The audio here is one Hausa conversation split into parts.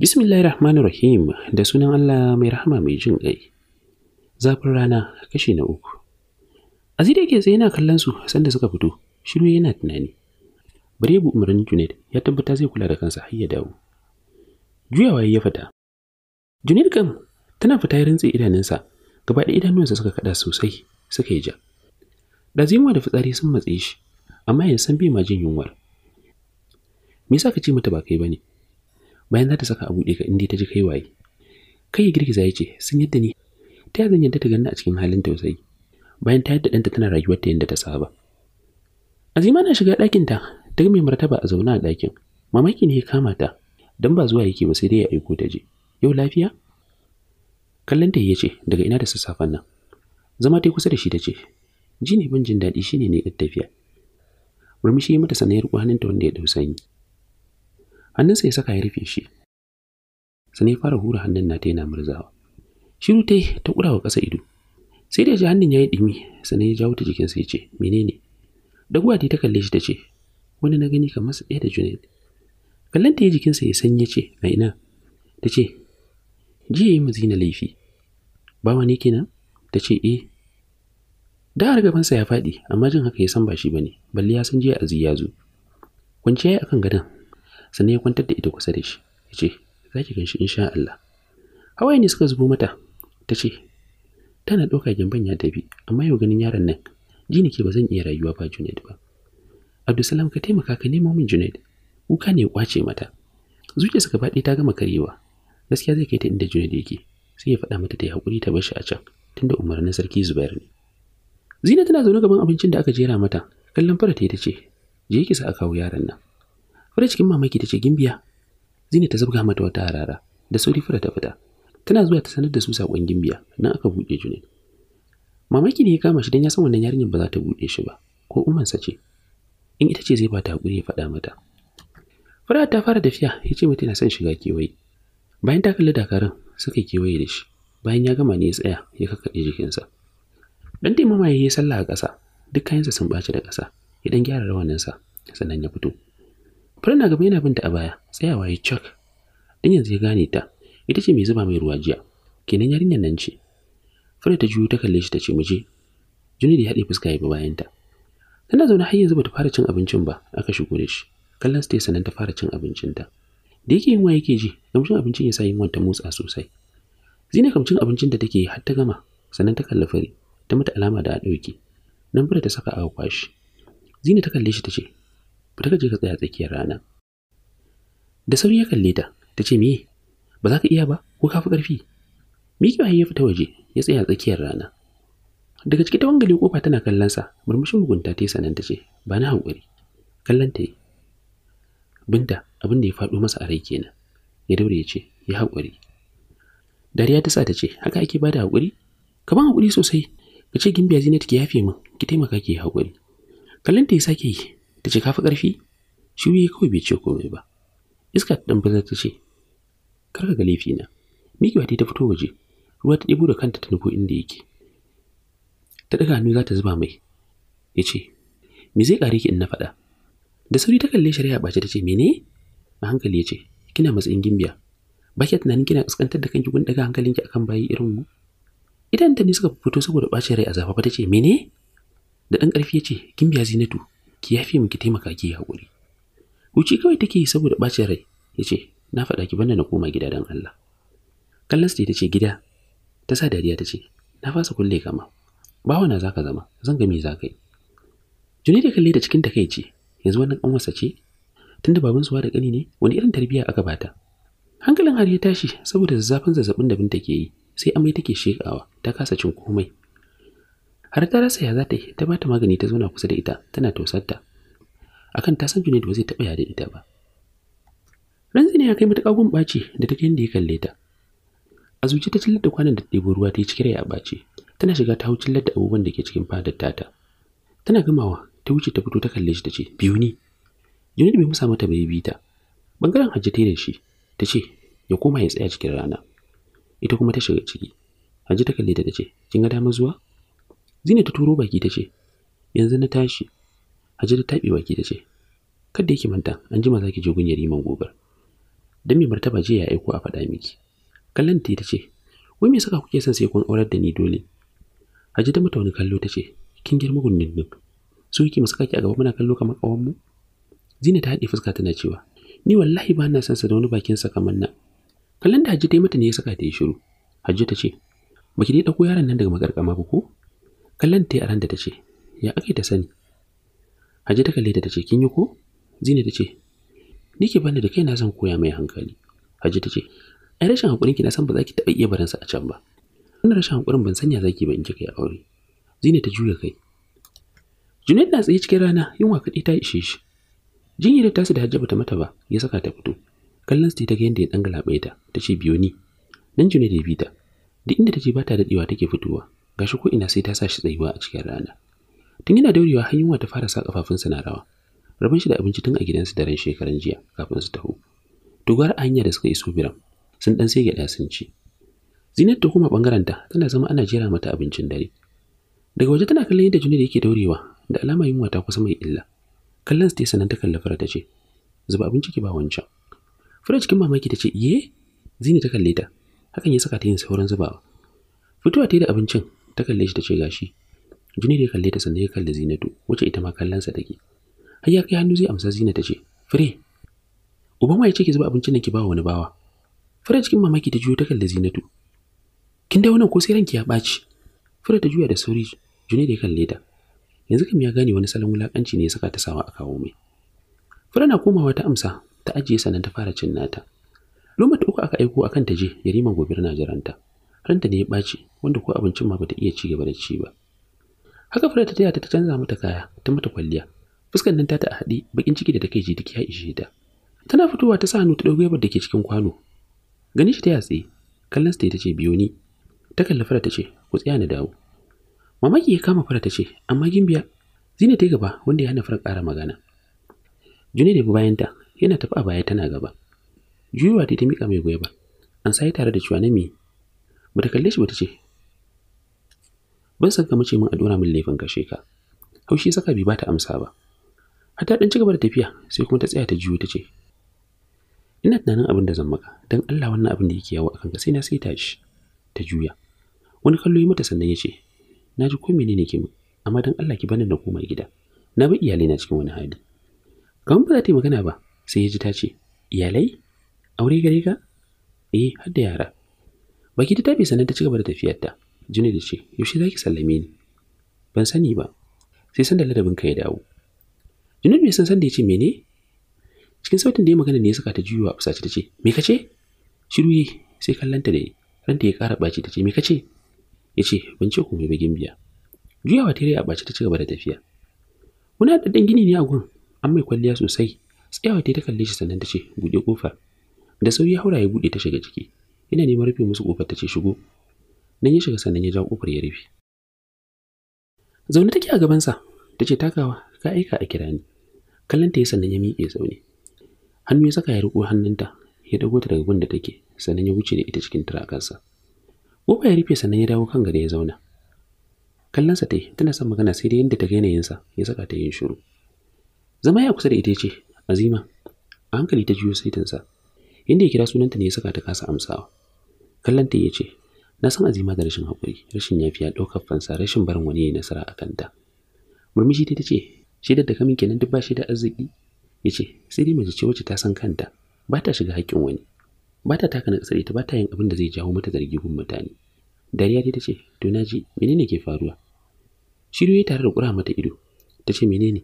Bismillahir Rahmanir Rahim da sunan Allah mai rahama mai jin ƙai. Zafin rana kashi na uku. Aziz da yake tsaye yana kallon su sanda suka fito, shiru yana tunani. Barebu umarnin Junaid ya tabbata zai kula da kansa har ya dawo. Juyawa ya fita. Junaid kam tana fita ya rintse idanunsa, gaba da idanunsa suka kada sosai, suka yi ja. zima da fitsari sun matse shi, amma yanzu san bai ma jin yunwar. Me yasa ka ce mata ba kai bane Bayan za ta saka a buɗe ka inda ta ji kai waye. Kai ya girgiza ya ce, sun yadda ni. Ta zan yadda ta ganna a cikin halin tausayi. Bayan ta yadda ɗanta tana rayuwar ta yadda ta saba. Azima na shiga ɗakinta, ta ga mai martaba a zaune a ɗakin. Mamaki ne ya kama ta, dan ba zuwa yake ba sai dai ya aiko ta je. Yau lafiya? Kallon ta ya ce, daga ina da sassafen nan. Zama ta kusa da shi ta ce, Jini ne ban jin daɗi shi ne ɗan tafiya murmushi ya mata sanayar ta wanda ya ɗau sanyi hannunsa ya saka ya rufe shi sannan fara hura hannun nata yana murzawa shiru ta yi ta ƙura wa ƙasa ido sai da ya ji hannun ya yi ɗumi sannan ya jawo ta jikinsa ya ce menene daguwa ta kalle shi ta ce wani na gani kamar su ɗaya da junaid kallon ta ya jikinsa ya sanya ce a ina ta ce jiya yi zina laifi bawa ne kenan ta ce eh Da har gabansa ya faɗi, amma jin haka ya san ba shi ba ne, balle ya san jiya a ya zu. Kwanciya ya akan gadon, sannan ya kwantar da ita kusa da shi, ya ce, za ki ganshi insha Allah. Hawaye ne suka zubo mata, ta ce, tana ɗauka gyamban ya tafi, amma yau ganin yaron nan, ji ke ba zan iya rayuwa ba Junaid ba. Abdulsalam ka taimaka ka nemo min Junaid, kuka ne ya kwace mata. Zuciya suka faɗi ta gama karyewa, gaskiya zai kai ta inda Junaid yake, sai ya faɗa mata ta yi haƙuri ta bar shi a can, tunda umarnin sarki Zubair ne. Zina tana zaune gaban abincin da aka jera mata, kallon fara ta yi ce, Je ki sa a kawo yaron nan. Fara cikin mamaki ta ce gimbiya. Zina ta zabga mata wata harara, da sauri fara ta fita. Tana zuwa ta sanar da su sakon gimbiya, nan aka buɗe junin. Mamaki ne ya kama shi don ya san wannan yarinyar ba za ta buɗe shi ba, ko sa ce. In ita ce zai ba ta haƙuri ya faɗa mata. Fara ta fara tafiya, ya ce mata yana son shiga kewaye. Bayan ta kalli dakarun, suka kewaye da shi. Bayan ya gama ne ya tsaya, ya kakkaɗe jikinsa. Dan taimama ya yi sallah a ƙasa, duk kayansa sun ɓaci da ƙasa, ya dan gyara rawaninsa, sannan ya fito. fara na gaba yana binta a baya, tsayawa ya cak. Dan yanzu ya gane ta, ita ce mai zuba mai ruwa jiya, kenan yarinyar nan ce. fara ta juyo ta kalle shi ta ce muje. Juni da ya haɗe fuska ya bi bayanta. Tana zaune har yanzu bata fara cin abincin ba, aka shigo da shi. Kallon su sannan ta fara cin ta. Da yake yunwa yake ji, kamshin abincin ya sa yin wanta motsa sosai. Zina kamcin abincin da take har ta gama, sannan ta kalli fari. ta mata alama da a ɗauki. nan fita ta saka a kwashi zina ta kalle shi ta ce fita ka je ka tsaya tsakiyar rana da sauri ya kalle ta ta ce me ba za ka iya ba ko ka fi ƙarfi miƙewa ya fita waje ya tsaya tsakiyar rana daga ciki ta wangale kofa tana kallon sa murmushin mugunta ta yi sanan ta ce ba na hankuri kallon ta yi binta abin da ya faɗo masa a rai kenan ya daure ya ce ya haƙuri dariya ta sa ta ce haka ake bada hakuri? ka ban hakuri sosai ka ce gimbiya zinat ki yafe min ki taimaka ki haƙuri kallon ta ya sake yi ta ce kafi ƙarfi shiru ya kawai bai ce komai ba iska ta dan baza ta ce karka ka ga laifi na mikiwa ta fito waje ruwa ta ɗebo da kanta ta nufo inda yake ta ɗaga hannu za ta zuba mai ya ce me zai ƙare ki in na faɗa da sauri ta kalle shari'a ɓace ta ce mene a hankali ya ce kina matsayin gimbiya ba ke tunanin kina kaskantar da kanki gun daga hankalinki akan bayi irin mu idan ta ne suka fito saboda ɓacin rai a zafafa ta ce mene da ɗan ƙarfi ya ce kin biya zinatu ki yafe mu ki taimaka ki haƙuri wuci kawai take yi saboda ɓacin rai ya ce na faɗa ki banda na koma gida don Allah kallon ta ce gida ta sa dariya ta ce na fasa kulle kama bawa na zaka zama zan ga me zaka yi juni da kalle da cikin ce yanzu wannan an wasa ce tunda baban suwa da kani ne wani irin tarbiyya aka bata hankalin har ya tashi saboda zazzafin zazzabin da binta ke yi sai amai take shekawa ta kasa cin komai har ta rasa ya za ta yi ta bata magani ta zauna kusa da ita tana tausarta akan ta san Junaid ba zai taɓa yada ita ba ranzina ya kai mata gun ɓaci da take yadda ya kalle ta a zuci ta cillar da kwanan da ɗebo ruwa ta yi cikin a ɓaci tana shiga ta hau cillar da abubuwan da ke cikin fadar tata tana gamawa ta wuce ta fito ta kalle shi ta ce biyu ni Junaid bai musa mata bai bi ta bangaren hajji da shi ta ce ya koma ya tsaya cikin rana ita kuma ta shiga ciki Hajji ta kalle ta tace kin ga dama zuwa Zina ta turo baki tace yanzu na tashi Hajji ta tabe baki tace kada yake manta an jima zaki je gunyar man gobar dan mai martaba je ya aiko a faɗa miki kallon ta tace wai me saka kuke son sai kun aurar da ni dole Haji ta mutauni wani kallo tace kin girma gunnin din su yake mu saka ki a gaba muna kallo kamar kawanmu mu Zina ta haɗe fuska tana cewa ni wallahi ba na san sa da wani bakin sa kamar na kallon da hajji ta yi mata ne ya saka ta yi shiru hajji ta ce ba ki dai ɗauko yaron nan daga makarkama ba ko kallon ta yi a da ta ce ya ake ta sani hajji ta kalle ta ce kin yi ko zina ta ce ni ke bani da kai na zan koya mai hankali hajji ta ce ai rashin hakurin ki na san ba za ki taɓa iya barinsa a can ba wannan rashin hakurin ban sanya za zaki ba in kai yi aure zina ta juya kai Junaid na tsaye cikin rana yunwa kaɗai ta ishe shi. Jinyar da tasu da hajjaba ta mata ba ya saka ta fito. kallon su ta ga yadda ya dan galabe ta ta ce biyo ni nan june da bita duk inda ta je ba ta dadewa take fitowa gashi ko ina sai ta sa shi tsayuwa a cikin rana tun yana daurewa har ta fara sa sa na rawa rabin shi da abinci tun a gidansu da ran shekaran jiya kafin su taho dogara a hanya da suka iso biram sun dan sai da sun ci zinat ta kuma bangaren tana zama ana jera mata abincin dare daga waje tana kallon yadda da yake daurewa da alama yunwa ta kusa mai illa kallon sai sanan ta kallafa ta ce zuba abinci ki ba wancan Fura cikin mamaki ta ce, "Ye?" Zini ta kalle ta. Hakan ya saka ta yin sauran zubawa. Fitowa ta yi da abincin, ta kalle shi ta ce gashi. da ya kalle ta sannan ya kalle Zinatu, wacce ita ma kallonsa take. Har ya kai hannu zai amsa Zina ta ce, "Fure, uban waye ce ki zuba abincin nan ki ba wani bawa?" Fura cikin mamaki ta juyo ta kalle Zinatu. "Kin dawo nan ko sai ranki ya ɓaci?" Fura ta juya da sauri, da ya kalle ta. Yanzu kam ya gane wani salon wulakanci ne ya saka ta sawa a kawo mai. Fure na komawa ta amsa, ta ajiye sannan ta fara cin nata loma ta uku aka aiko akan ta je yariman gobir na jiranta ranta ne ya ɓaci wanda ko abincin ma bata iya ci gaba da ci ba haka fara ta taya ta canza mata kaya ta mata kwalliya fuskar nan ta ta haɗi bakin ciki da take ji duk ya ishe ta tana fitowa ta sa hannu ta ɗauki yabar da ke cikin kwano gani shi ta yatsi kallon sa ta ce biyo ni ta kalli fara ta ce ku tsaya na dawo mamaki ya kama fara ta ce amma gimbiya zina ta gaba wanda ya hana fara ƙara magana June da bayanta yana tafi a baya tana gaba juyowa ta miƙa mai ba, an sai tare da cewa na ba bata kalle shi ba ta ce ban san ka mace min a dora min laifin kashe ka haushi saka ba ta amsa ba har ta dan cigaba da tafiya sai kuma ta tsaya ta juyo ta ce ina tunanin abin da zan maka dan Allah wannan abin da yake yawo a ka sai na sai ta shi ta juya wani kallo yi mata sannan ya ce na ji ko menene ke min amma dan Allah ki bani na koma gida na bi iyalai na cikin wani hali kamar ba za ta yi magana ba sai ya ji ta ce iyalai aure gare ka eh har da yara baki ta tafi sannan ta ci gaba da tafiyarta jini da ce yaushe za ki sallame ni ban sani ba sai sanda ladabin ka ya dawo jini bai san sanda ya ce mene cikin sautin da ya magana ne ya saka ta juyo a fusace ta ce me ka ce shiru yi sai kallanta da ranta ya kara ɓaci ta ce me ka ce ya ce ban ce komai bagin biya juyawa ta a ɓaci ta ci gaba da tafiya wani ɗan gini ne a gun an mai kwalliya sosai tsayawa ta kalle shi sannan ta ce buɗe ƙofa da sauri ya haura ya buɗe ta shiga ciki Ina neman rufe musu ƙofar ta ce shigo nan ya shiga sannan ya jawo ƙofar ya rufe zaune take a sa ta ce takawa ka aika a kira ni kallon ta ya sannan ya miƙe zaune hannu ya saka ya riƙo hannunta ya dago ta daga gun da take sannan ya wuce da ita cikin turakansa ƙofa ya rufe sannan ya dawo kan gada ya zauna kallonsa ta yi tana son magana sai dai yadda ta ga yanayinsa ya saka ta yin shiru zama ya kusa da ita ce Azima, a hankali ta juyo saitinsa. Inda ya kira sunanta ne ya saka ta kasa amsawa. Kallanta ya ce, Na san Azima da rashin haƙuri, rashin yafiya, ɗaukar fansa, rashin barin wani ya nasara a kanta. Murmushi ta ce, Shaidar da kamin kenan duk ba da arziki? Ya ce, Sai dai mace ce wacce ta san kanta, ba ta shiga haƙƙin wani. Ba ta taka na ƙasar ita ba ta yin abin da zai jawo mata zargi gun mutane. Dariya ta ce, To na ji, menene ke faruwa? Shiru ya tare da ƙura mata ido, ta ce menene?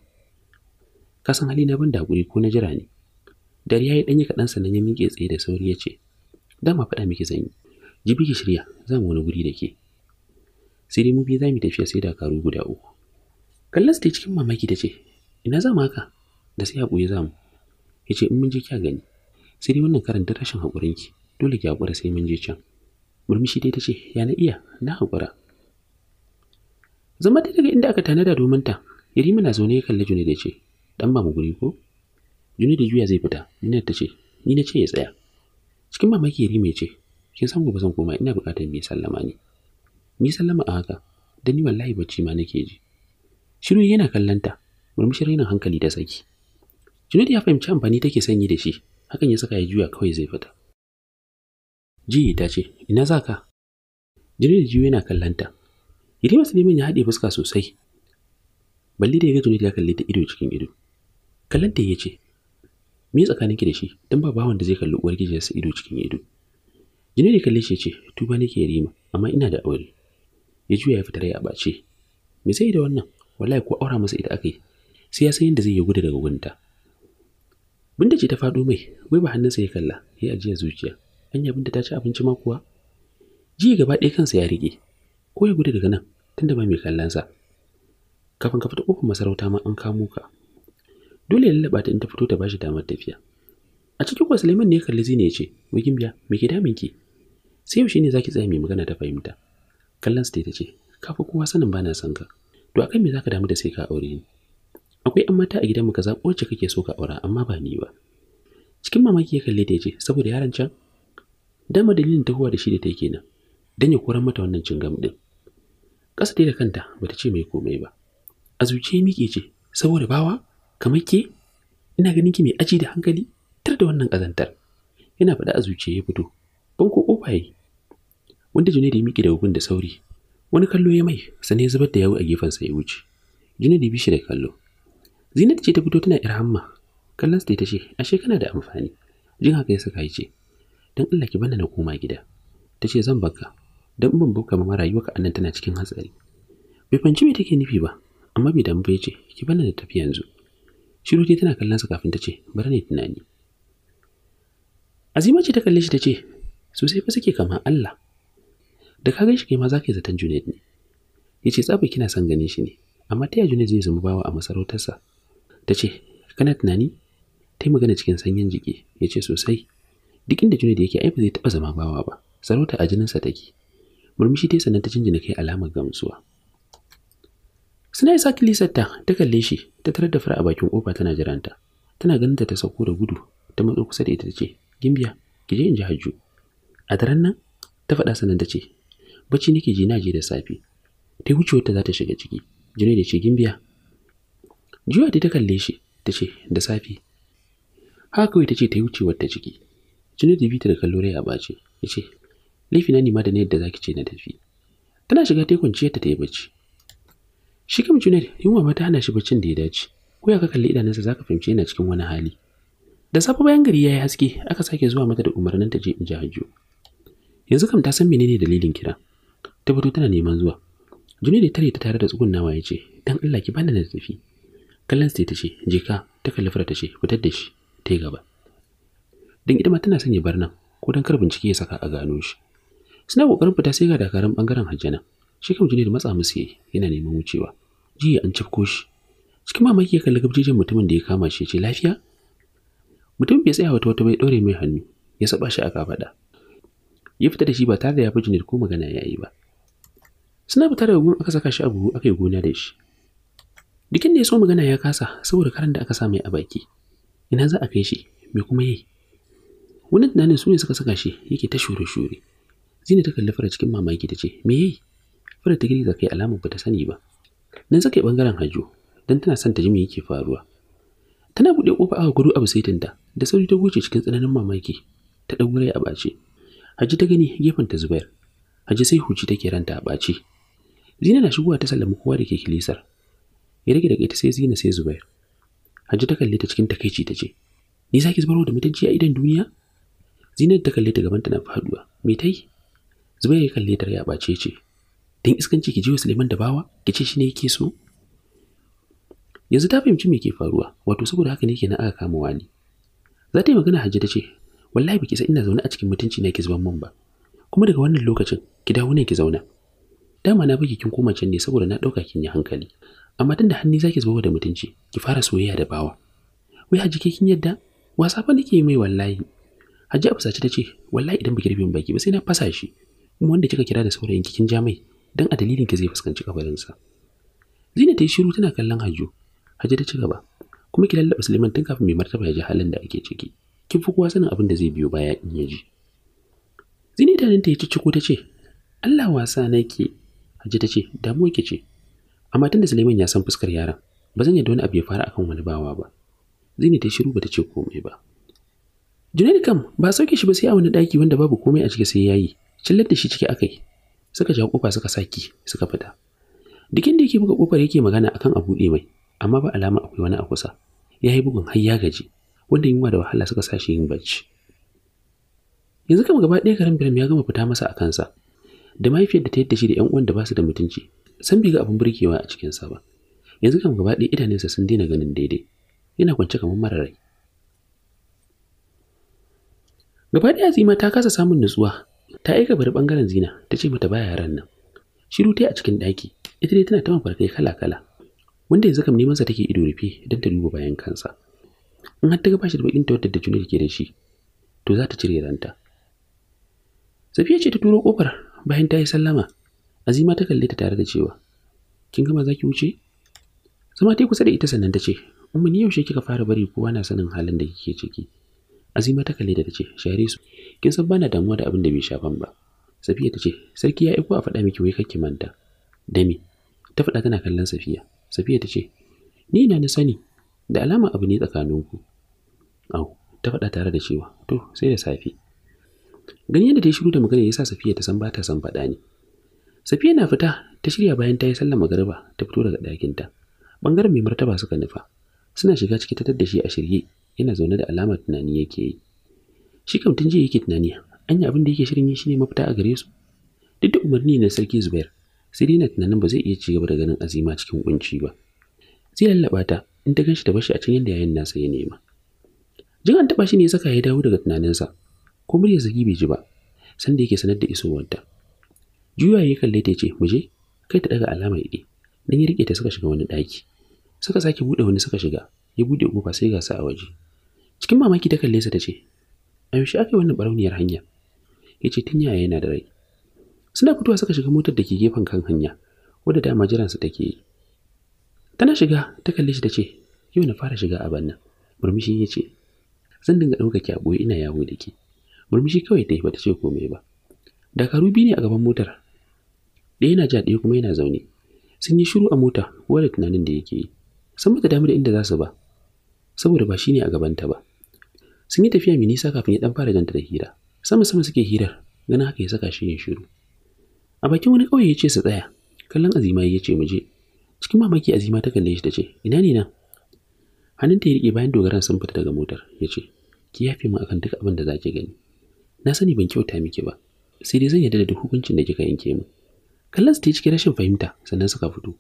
ka san hali na ban da hakuri ko na jira ne dar yayi yi kaɗan sannan ya miƙe tsaye da sauri ya ce ma faɗa miki zanyi jibi ki shirya za mu wani guri da ke sai mu biyu za mu tafiya sai da karu guda uku kallas ta cikin mamaki ta ce ina za mu haka da sai haƙuri za mu ya ce in mun je kya gani sai dai wannan karanta rashin ki, dole ki haƙura sai mun je can murmushi dai ta ce ya na iya na haƙura zama ta daga inda aka tanada domin ta yarima na zaune ya kalli juna da ce Dan ba mu guri ko? Juni da juya zai fita, Nina ta ce, ni na ce ya tsaya. Cikin mamaki Rima ya ce, kin san gobe zan koma ina bukatar mai sallama ne. Ni sallama a haka, da ni wallahi bacci ma nake ji. Shiru yana kallanta, murmushin rainin hankali da saki. Junaidu ya fahimci amfani take sanyi da shi, hakan ya saka ya juya kawai zai fita. Jiya ta ce, ina za ka? da juya yana kallanta. Yarima Suleiman ya haɗe fuska sosai. Balli da ya ga da ya kalli ta ido cikin ido. kallon ya ce me tsakanin ki da shi don ba bawan da zai kalli uwar sa ido cikin ido jini da kalle shi ya ce tuba nake rima amma ina da aure ya juya ya fita rai a bace me sai da wannan wallahi ko aura masa ita akai sai ya san yadda zai yi gudu daga gunta Binda ce ta faɗo mai, wai ba hannunsa ya kalla, ya ajiya zuciya. Anya Binda ta ci abinci ma kuwa? Ji gaba ɗaya kansa ya rike Ko ya gudu daga nan, tunda ba mai sa? Kafin ka fita ƙofar masarauta ma an kamo ka. Dole ya lallaɓa ta in ta fito ta bashi damar tafiya. A cikin kuwa Suleiman ne ya kalli Zina ya ce, Wigin biya, me ke damin ki? Sai yaushe ne za ki tsaya mai magana ta fahimta. Kallon ta ce, Ka fi kowa sanin bana son ka. To a kan me za ka damu da sai ka aure ni? Akwai ‘yan mata a gidanmu ka zaɓo wacce kake so ka aura amma ba ni ba. Cikin mamaki ya kalli ta ya ce, Saboda yaron can? Dama dalilin ta huwa da shi da ta kenan. Dan ya koran mata wannan cin cingam ɗin. Ƙasa da kanta bata ce mai komai ba. A zuciya miƙe ce, Saboda bawa? kamar ke ina ganin ki mai aji da hankali tar da wannan kazantar yana faɗa a zuciya ya fito banko kofa yi wanda Junaidu ya miƙe da gugun da sauri wani kallo ya mai sannan ya zubar da yawo a gefensa ya wuce Junaidu bi shi da kallo Zinat ce ta fito tana yar hamma kallon sa ta ce ashe kana da amfani jin haka ya saka ya ce dan Allah ki bana na koma gida ta ce zan baka dan ban bauka ma rayuwarka anan tana cikin hatsari bai fanci me take nufi ba amma bai damu ba ya ce ki bana da tafi yanzu Shiru dai tana kallon sa kafin ta ce, "Bari ne tunani." Azima ce ta kalle shi ta ce, "Sosai fa suke kama Allah." Da ka gan shi kai ma zaka yi zaton Junaid ne. yace ce, kina san ganin shi ne, amma ta yaya Junaid zai zama bawa a masarautarsa?" Ta ce, "Kana tunani?" Ta magana cikin sanyin jiki, ya ce sosai. Duk inda Junaid yake ai ba zai taɓa zama bawa ba, sarauta a jinin sa take. Murmushi ta sanan ta jinjina kai alamar gamsuwa. Suna isa kilisarta ta kalle shi ta tarar da fara a bakin kofa tana jiranta. Tana ganin ta ta sauko da gudu ta matso kusa da ita ta ce, Gimbiya, ki je in ji hajju. A daren nan, ta faɗa sanan ta ce, Bacci nake ji na je da safe. Ta yi wucewar ta za ta shiga ciki. jini da ce, Gimbiya. Juya ta kalle shi ta ce, Da safe. Haka kawai ta ce ta yi wucewar ta ciki. jini da bita da kallo rai a ɓace. Ya ce, na na ma da na yadda za ki ce na tafi. Tana shiga ta yi ta ta yi bacci. Shi kam Junaid yunwa mata hana shi baccin da ya dace. Ko ya ka kalli idanunsa za ka fahimci yana cikin wani hali. Da safe bayan gari ya yi haske aka sake zuwa mata da umarnin ta je inji ji hajjo. Yanzu kam ta san menene dalilin kira. Ta fito tana neman zuwa. Junaid tare ta tare da tsugunnawa ya ce, "Dan Allah ki bani na tafi." Kallon sai ta ce, "Je ka." Ta kalli fara ta ce, "Fitar da shi." Ta yi gaba. Dan ita ma tana son ya bar nan, ko dan kar bincike ya saka a gano shi. Suna kokarin fita sai ga dakarun bangaren Hajjana. shi kam da matsa musu yayi yana neman wucewa jiya an cafko shi cikin mamaki ya kalli gabjejin mutumin da ya kama shi ce lafiya mutum bai tsaya wata wata bai ɗore mai hannu ya saba shi a kafaɗa ya fita da shi ba tare da ya fi Junaid ko magana ya yi ba suna fita da gun aka saka shi a buhu aka yi gona da shi dukin da ya so magana ya kasa saboda karan da aka sa mai a baki ina za a kai shi me kuma yi wani tunanin su ne suka saka shi yake ta shure-shure zina ta kalli fara cikin mamaki ta ce me yayi wadda ta girgiza kai alamun ba ta sani ba nan suka yi bangaren Hajo dan tana son ta ji me yake faruwa tana buɗe ƙofa aka gudu bisaitin ta da sauri ta goce cikin tsananin mamaki ta ɗau rai a bace Haji ta gani gefen ta zubair Haji sai huci take ranta a bace zina na shigowa ta sallama kowa da ke kilisar ya rage daga ita sai zina sai zubair Haji ta kalle ta cikin takaici ta ce ni zaki zubarwa da mutunci a idan duniya Zina ta kalle ta gaban ta na faduwa me tai yi zubair ya kalle ta ya bace ce don iskanci ki jiwa Suleiman da bawa ki ce shi ne yake so yanzu ta fahimci me ke faruwa wato saboda haka ne kenan aka kama wani za ta yi magana Hajji ta ce wallahi baki san ina zaune a cikin mutunci na ki zuban mun ba kuma daga wannan lokacin ki dawo ne ki zauna dama na baki kin koma can ne saboda na dauka kin yi hankali amma tun da hanni zaki zuba da mutunci ki fara soyayya da bawa wai Hajji ke kin yadda wasa fa nake mai wallahi Hajji Abusa ta ce wallahi idan baki rufe baki ba sai na fasa shi kuma wanda kika kira da saurayin kikin ja mai don a dalilin ki zai fuskanci kabarinsa. Zina ta yi shiru tana kallon Hajju. Hajju ta ci gaba. Kuma ki lallaɓa Suleiman tun kafin mai martaba ya ji halin da ake ciki. Kin fi kowa sanin abin da zai biyo baya in ya ji. Zina ta ta yi cicciko ta ce, Allah wasa na ke. Hajju ta ce, damuwa ke ce. Amma tun da Suleiman ya san fuskar yaran, ba zan yadda wani abu ya fara akan wani bawa ba. Zina ta yi shiru ba ta ce komai ba. Junaid kam ba sauke shi ba sai a wani daki wanda babu komai a ciki sai yayi. Cillar da shi ciki aka yi. suka ja kofa suka saki suka fita dukin da yake buga kofar yake magana akan abu buɗe mai amma ba alama akwai wani a kusa ya yi bugun har ya gaji wanda yunwa da wahala suka sa shi yin bacci yanzu kama gaba ɗaya karen biram ya gama fita masa a kansa da mahaifiyar da ta yadda shi da 'yan uwan da ba su da mutunci san bai ga abin burkewa a cikinsa ba yanzu kama gaba ɗaya idanunsa sun daina ganin daidai yana kwance kamar mara rai gaba ɗaya zima ta kasa samun nutsuwa ta aika bari bangaren zina ta ce mata baya yaran nan shiru ta a cikin daki ita dai tana ta mafarkai kala kala wanda yanzu kam neman sa take ido rufe don ta duba bayan kansa in har ta ga bashi da bakin tawadda da juna ke da shi to za ta cire ranta Safiya ce ta turo kofar bayan ta yi sallama Azima ta kalle ta tare da cewa kin gama zaki wuce zama ta kusa da ita sannan ta ce umma ni yaushe kika fara bari kowa na sanin halin da kike ciki Azima ta kalle ta ce, "Sharisu, kin san bana damuwa da abin da bai shafan ba." Safiya ta ce, "Sarki ya aiko a faɗa miki wai kake manta." Dami ta faɗa tana kallon Safiya. Safiya ta ce, "Ni na ni sani, da alama abu ne tsakaninku." Au, ta faɗa tare da cewa, "To, sai da safe." Gani yadda ta shiru da magana ya Safiya ta san ba ta san faɗa ne. Safiya na fita, ta shirya bayan ta yi sallar magariba, ta fito daga ɗakinta. Bangaren mai martaba suka nufa, suna shiga ciki ta tadda shi a shirye yana zaune da alamar tunani yake yi shi kam tun jiya yake tunani anya abin da yake shirin yi shine mafita a gare su duk da umarni na sarki zubair sai dai na tunanin ba zai iya ci gaba da ganin azima cikin kunci ba zai lallaba ta in ta ganshi ta bashi a cikin yadda yayin nasa ya nema jin an taba shi ne ya saka ya dawo daga tunaninsa ko muryar zagi bai ji ba sanda yake sanar da isowarta juya ya kalle ta ce mu je kai ta daga alamar idi dan ya rike ta suka shiga wani daki suka sake bude wani suka shiga ya bude kofa sai gasa a waje cikin mamaki ta kalle sa ta ce a yaushe aka yi wannan barauniyar hanya ya ce tun yaya yana da rai suna fitowa suka shiga motar da ke gefen kan hanya wadda dama jiransa take yi tana shiga ta kalle shi ta ce yau na fara shiga a bannan murmushi ya ce zan dinga ɗauka ki a ɓoye ina yawo da ke murmushi kawai ta yi bata ce komai ba dakaru biyu ne a gaban motar ɗaya yana ja ɗaya kuma yana zaune sun yi shiru a mota kowa da tunanin da yake yi san da damu da inda za su ba saboda ba shi ne a gabanta ba sun yi tafiya mai nisa kafin ya dan fara janta da hira sama sama suke hirar ganin haka ya saka shi ya shiru a bakin wani ƙauye ya ce su tsaya kallon azima ya ce mu je cikin mamaki azima ta kalle shi ta ce ina ne nan hannunta ya riƙe bayan dogaran sun fita daga motar ya ce ki yafe mu akan duk abin da za ki gani na sani ban kyauta miki ba sai dai zan yarda da duk hukuncin da kika yanke mu. kallon su ta yi cikin rashin fahimta sannan suka fito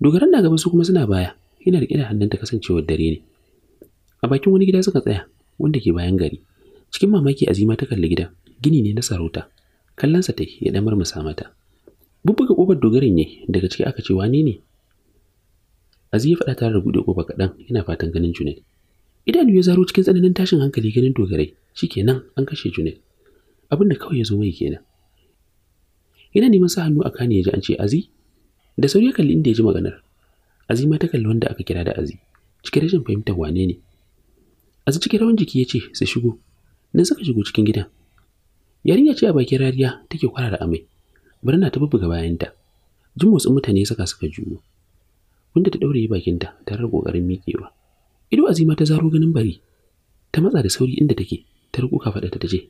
dogaran na gaba su kuma suna baya yana riƙe da hannun hannunta kasancewar dare ne a bakin wani gida suka tsaya wanda ke bayan gari cikin mamaki azima ta kalli gidan gini ne na sarauta kallonsa ta ya ɗan murmusa mata bubbuga ƙofar dogarin ne daga ciki aka ce wane ne aziz ya faɗa tare da buɗe ƙofa kaɗan yana fatan ganin junaid idanu ya zaro cikin tsananin tashin hankali ganin dogarai shikenan an kashe junaid abin da kawai ya zo mai kenan yana neman sa hannu a kane ya ji an ce azi da sauri ya kalli inda ya ji maganar azima ta kalli wanda aka kira da azi cikin rashin fahimtar wane ne a cikin rawan jiki ya ce su shigo na suka shigo cikin gidan yarinya ce a bakin rariya take kwara da amai bari na ta bubbuga bayanta jin motsin mutane suka suka juyo wanda ta daure bakinta tare da kokarin miƙewa ido azima ta zaro ganin bari ta matsa da sauri inda take ta riko kafaɗa ta je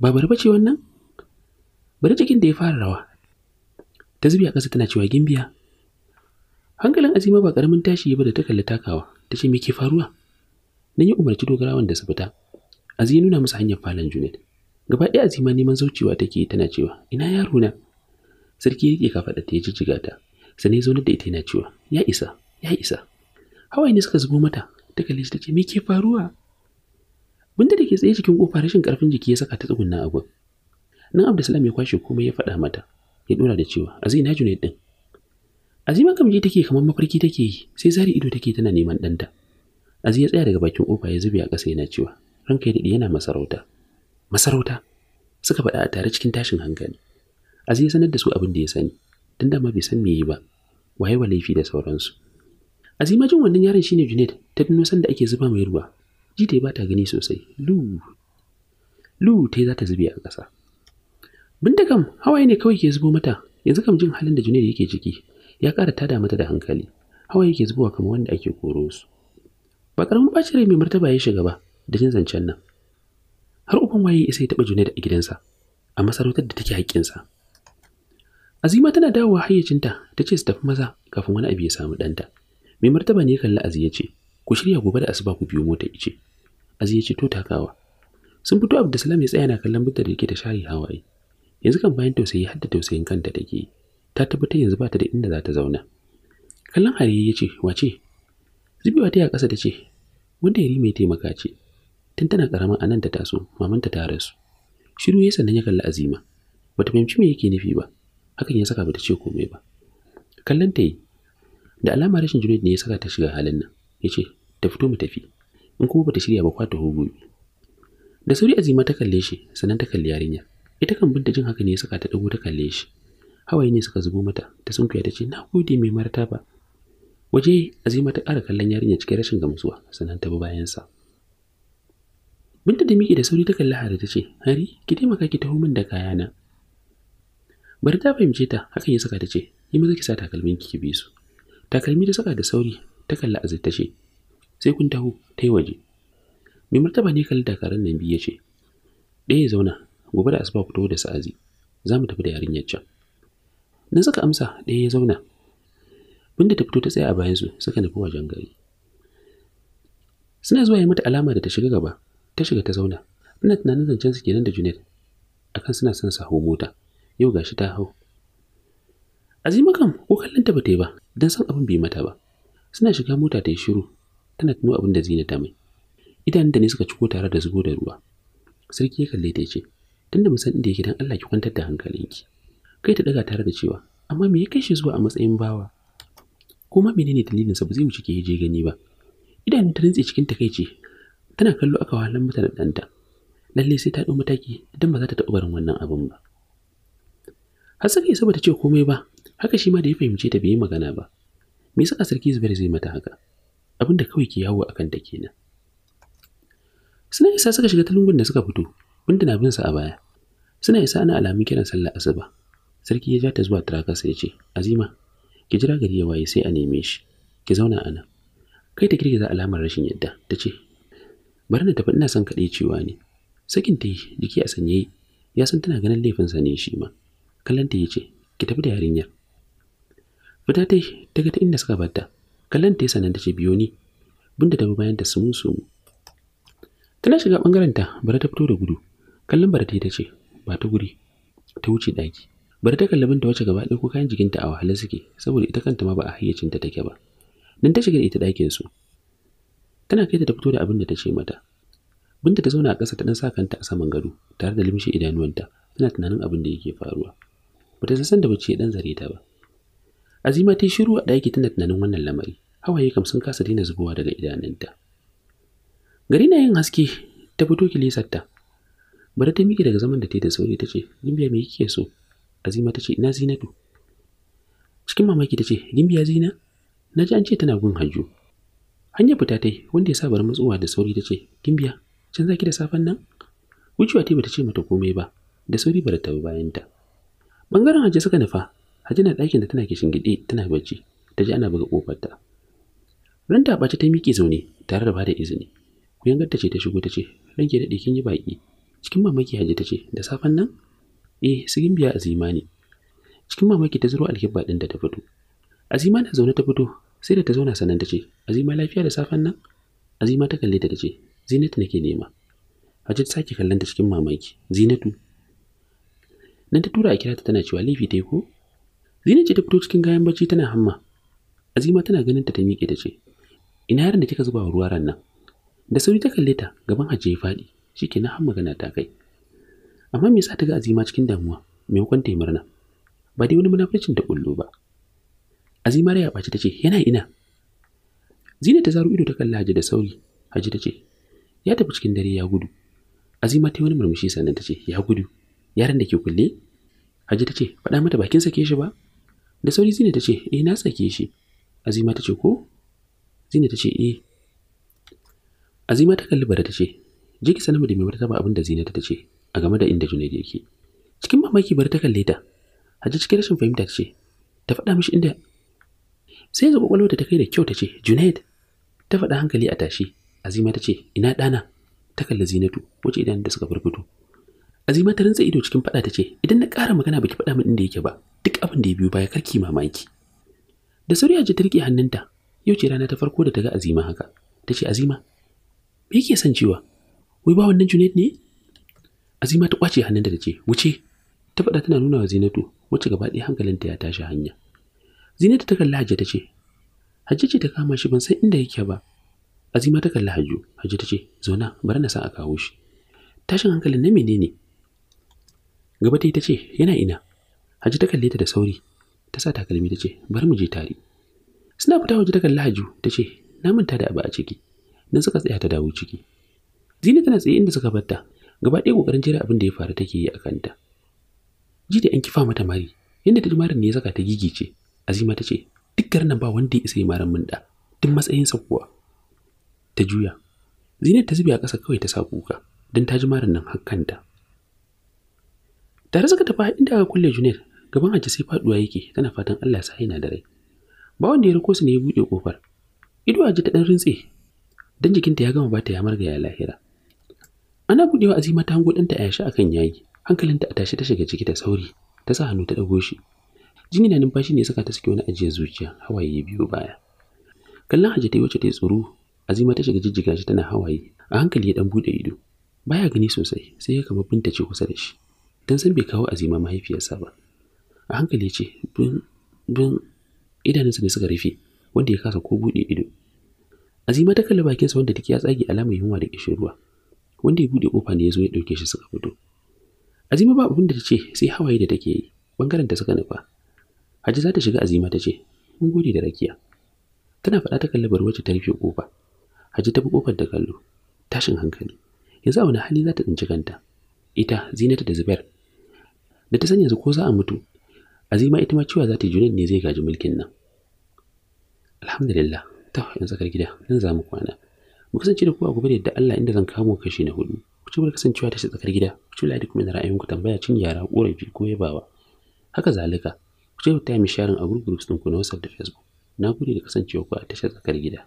ba bari bace wannan bari cikin da ya fara rawa ta zubi a ƙasa tana cewa gimbiya hankalin azima ba ƙaramin tashi ba da ta kalli takawa ta ce me ke faruwa nan yi umarci dogarawan da su fita azi ya nuna musu hanyar falon junet gaba ɗaya azima neman zaucewa take tana cewa ina yaro na sarki ya ka faɗa ta ya jiga ta sannan ya da ita yana cewa ya isa ya isa hawaye ne suka zubo mata ta kalle shi ta ce me ke faruwa Binta da ke tsaye cikin kofa rashin karfin jiki ya saka ta tsugunna a gun. Nan Abdulsalam ya kwashe komai ya faɗa mata, ya dora da cewa zai na Junaid din. Azima kam take kamar mafarki take yi, sai zari ido take tana neman ɗanta. Aziz ya tsaya daga bakin kofa ya zube a ƙasa yana cewa ranka ya daɗe yana masarauta. Masarauta suka faɗa a tare cikin tashin hankali. Aziz ya sanar da su abin da ya sani don dama bai san me yi ba waye wa laifi da sauransu. ma jin wannan yaron shine Junaid ta san sanda ake zuba mai ruwa. Jita ba ta gani sosai. Lu Lu ta za ta zube a ƙasa. Binta kam hawaye ne kawai ke zubo mata yanzu kam jin halin da Junaid yake ciki ya ƙara tada mata da hankali. Hawaye ke zubowa kamar wanda ake koro su. ba karamin ɓacin rai mai martaba ya shiga ba da jin zancen nan har uban waye ya sai taɓa Junaid da gidansa a masarautar da take sa? Azima tana dawowa hayyacinta ta ce su tafi maza kafin wani abu ya samu danta. mai martaba ne kalli aziya ce ku shirya gobe da asuba ku biyo mota ice Aziya ce to takawa sun fito Abdulsalam ya tsaya na kallon bitar da yake da share hawaye yanzu kan bayan tausayi har da tausayin kanta take yi ta tabbatar yanzu ba ta da inda za ta zauna kallon hari ya ce wace zubewa ta ya kasa ta ce wanda yari mai taimaka ce tun tana karama a nan ta taso mamanta ta rasu shiru ya sannan ya kalli azima bata fahimci me yake nufi ba hakan ya saka bata ce komai ba kallon ta yi da alama rashin junaid ne ya saka ta shiga halin nan ya ce ta fito mu tafi in kuma bata shirya ba kwata hugu da sauri azima ta kalle shi sannan ta kalli yarinya ita kan binta jin haka ne ya saka ta dago ta kalle shi hawaye ne suka zubo mata ta sunkuya ta ce na gode mai martaba Waje Azima ta ƙara kallon yarinya cikin rashin gamsuwa sannan ta bi bayansa. Binta da Miki da sauri ta kalli Hada ta ce, "Hari, ki taimaka ki taho min da kayana." Bari ta fahimce ta, hakan ya saka ta ce, "Yi maza ki sa takalmin ki bi su." Takalmi ta saka da sauri, ta kalli Aziz ta ce, "Sai kun taho, ta yi waje." Mai martaba ne kalli dakaran nan biyu ya ce, "Ɗaya ya zauna, gobe da asuba ku taho da sa'azi, za mu tafi da yarinyar can." Na saka amsa, ɗaya ya zauna, Binda ta fito ta tsaya a bayansu suka nufi wajen gari. Suna zuwa yi mata alama da ta shiga gaba, ta shiga ta zauna. Ina tunanin zancen su kenan da junet akan suna son sa mota. Yau gashi ta hau. Azima kam ko kallon ta bata yi ba, dan san abin bai mata ba. Suna shiga mota ta yi shiru, tana tuno abin da Zina ta mai. Idanun da ne suka ciko tare da zubo da ruwa. Sarki ya kalle ta ce, "Tunda mu san inda yake dan Allah ki kwantar da hankalinki." Kai ta daga tare da cewa, "Amma me ya kai shi zuwa a matsayin bawa?" ko ma menene sa ba zai wuce ke je gani ba idanun ta rintse cikin takaici tana kallo aka wahalar mata danta, lalle sai ta dau mataki don ba za ta taɓa barin wannan abin ba har saka ba ta ce komai ba haka shi ma da ya fahimce ta bai yi magana ba me saka sarki zubair zai mata haka abin da kawai ke yawo akan ta kenan suna isa suka shiga ta lungun da suka fito binta na bin sa a baya suna isa ana alamun kiran sallar asuba sarki ya ja ta zuwa sai ya ce azima ki jira gari ya waye sai a neme shi ki zauna a nan kai ta girgiza alamar rashin yadda ta ce bari na tafi ina son kaɗai cewa ne sakin ta yi, jiki a sanye ya san tana ganin laifinsa ne shi ma kallon ta yi ce ki tafi da yarinya. fita ta yi, ta ga ta inda suka bata kallon ta yi sanan ta ce biyo ni bunda ta bi bayan ta sumu sumu tana shiga bangaren ta bari ta fito da gudu kallon baratai ta ce ba ta guri ta wuce ɗaki. bari ta kalli binta wacce gaba ɗaya ko kayan jikinta a wahala suke saboda ita kanta ma ba a hayyacinta take ba nan ta shiga ita ɗakin su tana kai ta ta fito da abin da ta ce mata binta ta zauna a ƙasa ta ɗan sa kanta a saman gado tare da limshe idanuwanta tana tunanin abin da yake faruwa bata san da bace dan zare ta ba azima ta yi shiru a ɗaki tana tunanin wannan lamari hawaye kam sun kasa daina zubowa daga idanunta gari na yin haske ta fito kilisarta bari ta miƙe daga zaman da ta yi da sauri ta ce limbiya me kike so Azima ta ce ina Zinatu. Cikin mamaki ta ce Gimbiya Zina na ji an ce tana gun hajju. Hanyar fita ta yi wanda ya sa bar matsuwa da sauri ta ce Gimbiya can zaki da safen nan? Wucewa ta bata ce mata komai ba da sauri bar ta bayanta. Bangaren hajji suka nufa Haji na dakin da tana kishin gidi tana bacci ta ji ana buga kofar ta. Ranta ɓace ta miki zaune tare da bada izini. Kuyangar ta ce ta shigo ta ce ranke daɗe kin yi baƙi. Cikin mamaki hajji ta ce da safen nan? eh su biya azima ne cikin mamaki ta zuro alkibba ɗin da ta fito azima na zaune ta fito sai da ta zauna sanan ta ce azima lafiya da safen nan azima ta kalle ta ce zinatu nake nema hajji ta sake kallon ta cikin mamaki zinatu nan ta tura a kira ta tana cewa laifi ta yi ko zinatu ta fito cikin kayan bacci tana hamma azima tana ganin ta ta miƙe ta ce ina yaron da kika zuba wa ruwa ran nan da sauri ta kalle ta gaban hajji ya faɗi shike na har magana ta kai amma me yasa ta ga azima cikin damuwa maimakon ta yi murna ba dai wani munafurcin ta kullu ba azima ya ɓaci ta ce yana ina zina ta zaro ido ta kalla haji da sauri haji ta ce ya tafi cikin dare ya gudu azima ta yi wani murmushi sannan ta ce ya gudu yaran da ke kulle haji ta ce faɗa mata bakin sake shi ba da sauri zina ta ce eh na sake shi azima ta ce ko zina ta ce eh azima ta kalli bara ta ce je ki sanar da mai martaba abin da zina ta ce a game da inda Junaid yake. Cikin mamaki bari ta kalle ta. Hajji cikin rashin fahimta ce, ta faɗa mishi inda sai ya kwakwalwa da ta kai da kyau ta ce, Junaid, ta faɗa hankali a tashi. Azima ta ce, ina ɗana? Ta kalli Zinatu, wacce idan da suka farfito. Azima ta rantsa ido cikin faɗa ta ce, idan na ƙara magana baki faɗa min inda yake ba, duk abin da ya biyo baya karki mamaki. Da sauri ji ta riƙe hannunta, yau ce rana ta farko da ta ga Azima haka. Ta ce, Azima, me yake son cewa? Wai ba wannan Junaid ne? azima ta kwace hannun da ce wuce ta faɗa tana nuna wa zinatu wacce gaba ɗaya hankalinta ya tashi hanya zinatu ta kalli hajja ta ce hajji ce ta kama shi ban san inda yake ba azima ta kalli hajju hajji ta ce zauna bari na sa a kawo shi tashin hankalin na menene gaba ta yi ce yana ina hajji ta kalle ta da sauri ta sa takalmi ta ce bari mu je tare suna fita waje ta kalli hajju ta ce na manta da abu a ciki dan suka tsaya ta dawo ciki Zinatu tana tsaye inda suka ta, gaba ɗaya ƙoƙarin jira abin da ya faru take yi a kanta ji da ƴan kifa mata mari yadda ta marin ne ya saka ta gigi ce, azima ta ce duk garin nan ba wanda ya isa ya marin min duk matsayin sa ta juya zinat ta zube a ƙasa kawai ta sa kuka don ta ji marin nan hakkanta tare suka tafi inda aka kulle junet gaban hajji sai faɗuwa yake tana fatan Allah sa yana da rai ba wanda ya rako su ne ya buɗe ƙofar. ido hajji ta ɗan rintse dan jikinta ya gama bata ya marga ya lahira Ana buɗewa Azima ta hango ɗanta a yashi akan yayi. Hankalinta a tashi ta shiga ciki da sauri, ta sa hannu ta ɗago shi. Jini na numfashi ne saka ta saki wani ajiyar zuciya, hawaye ya biyo baya. Kallon Hajji ta yi wacce ta yi tsoro, Azima ta shiga jijjiga shi tana hawaye, a hankali ya ɗan buɗe ido. Baya gani sosai, sai ya kama binta ce kusa da shi. Dan san bai kawo Azima mahaifiyarsa ba. A hankali ya ce, bin, bin, idanunsa ne suka rufe, wanda ya kasa ko buɗe ido. Azima ta kalli bakinsa wanda take ya tsage alamar yunwa da ruwa wanda ya buɗe kofa ne ya zo ya ɗauke shi suka fito azima ba abin da ta ce sai hawaye da take yi bangaren ta suka nufa Haji za ta shiga azima ta ce mun gode da rakiya tana faɗa ta kalli wacce ta rufe kofa Haji ta bi kofar da kallo tashin hankali yanzu a wani hali za ta tsinci kanta ita zinata da zubair da ta san yanzu ko za a mutu azima ita ma cewa za ta yi junan ne zai gaji mulkin nan alhamdulillah ta yanzu kar gida nan za mu kwana mu kasance da ku a gobe da yadda Allah inda zan kamo kashi na hudu ku ci kasancewa ta tsakar gida ku ci ladi kuma ra'ayin ku tambaya cin yara korafi ko yabawa haka zalika ku ce ta mi sharing a group groups ku na WhatsApp da Facebook na gode da kasancewa ku a tashar tsakar gida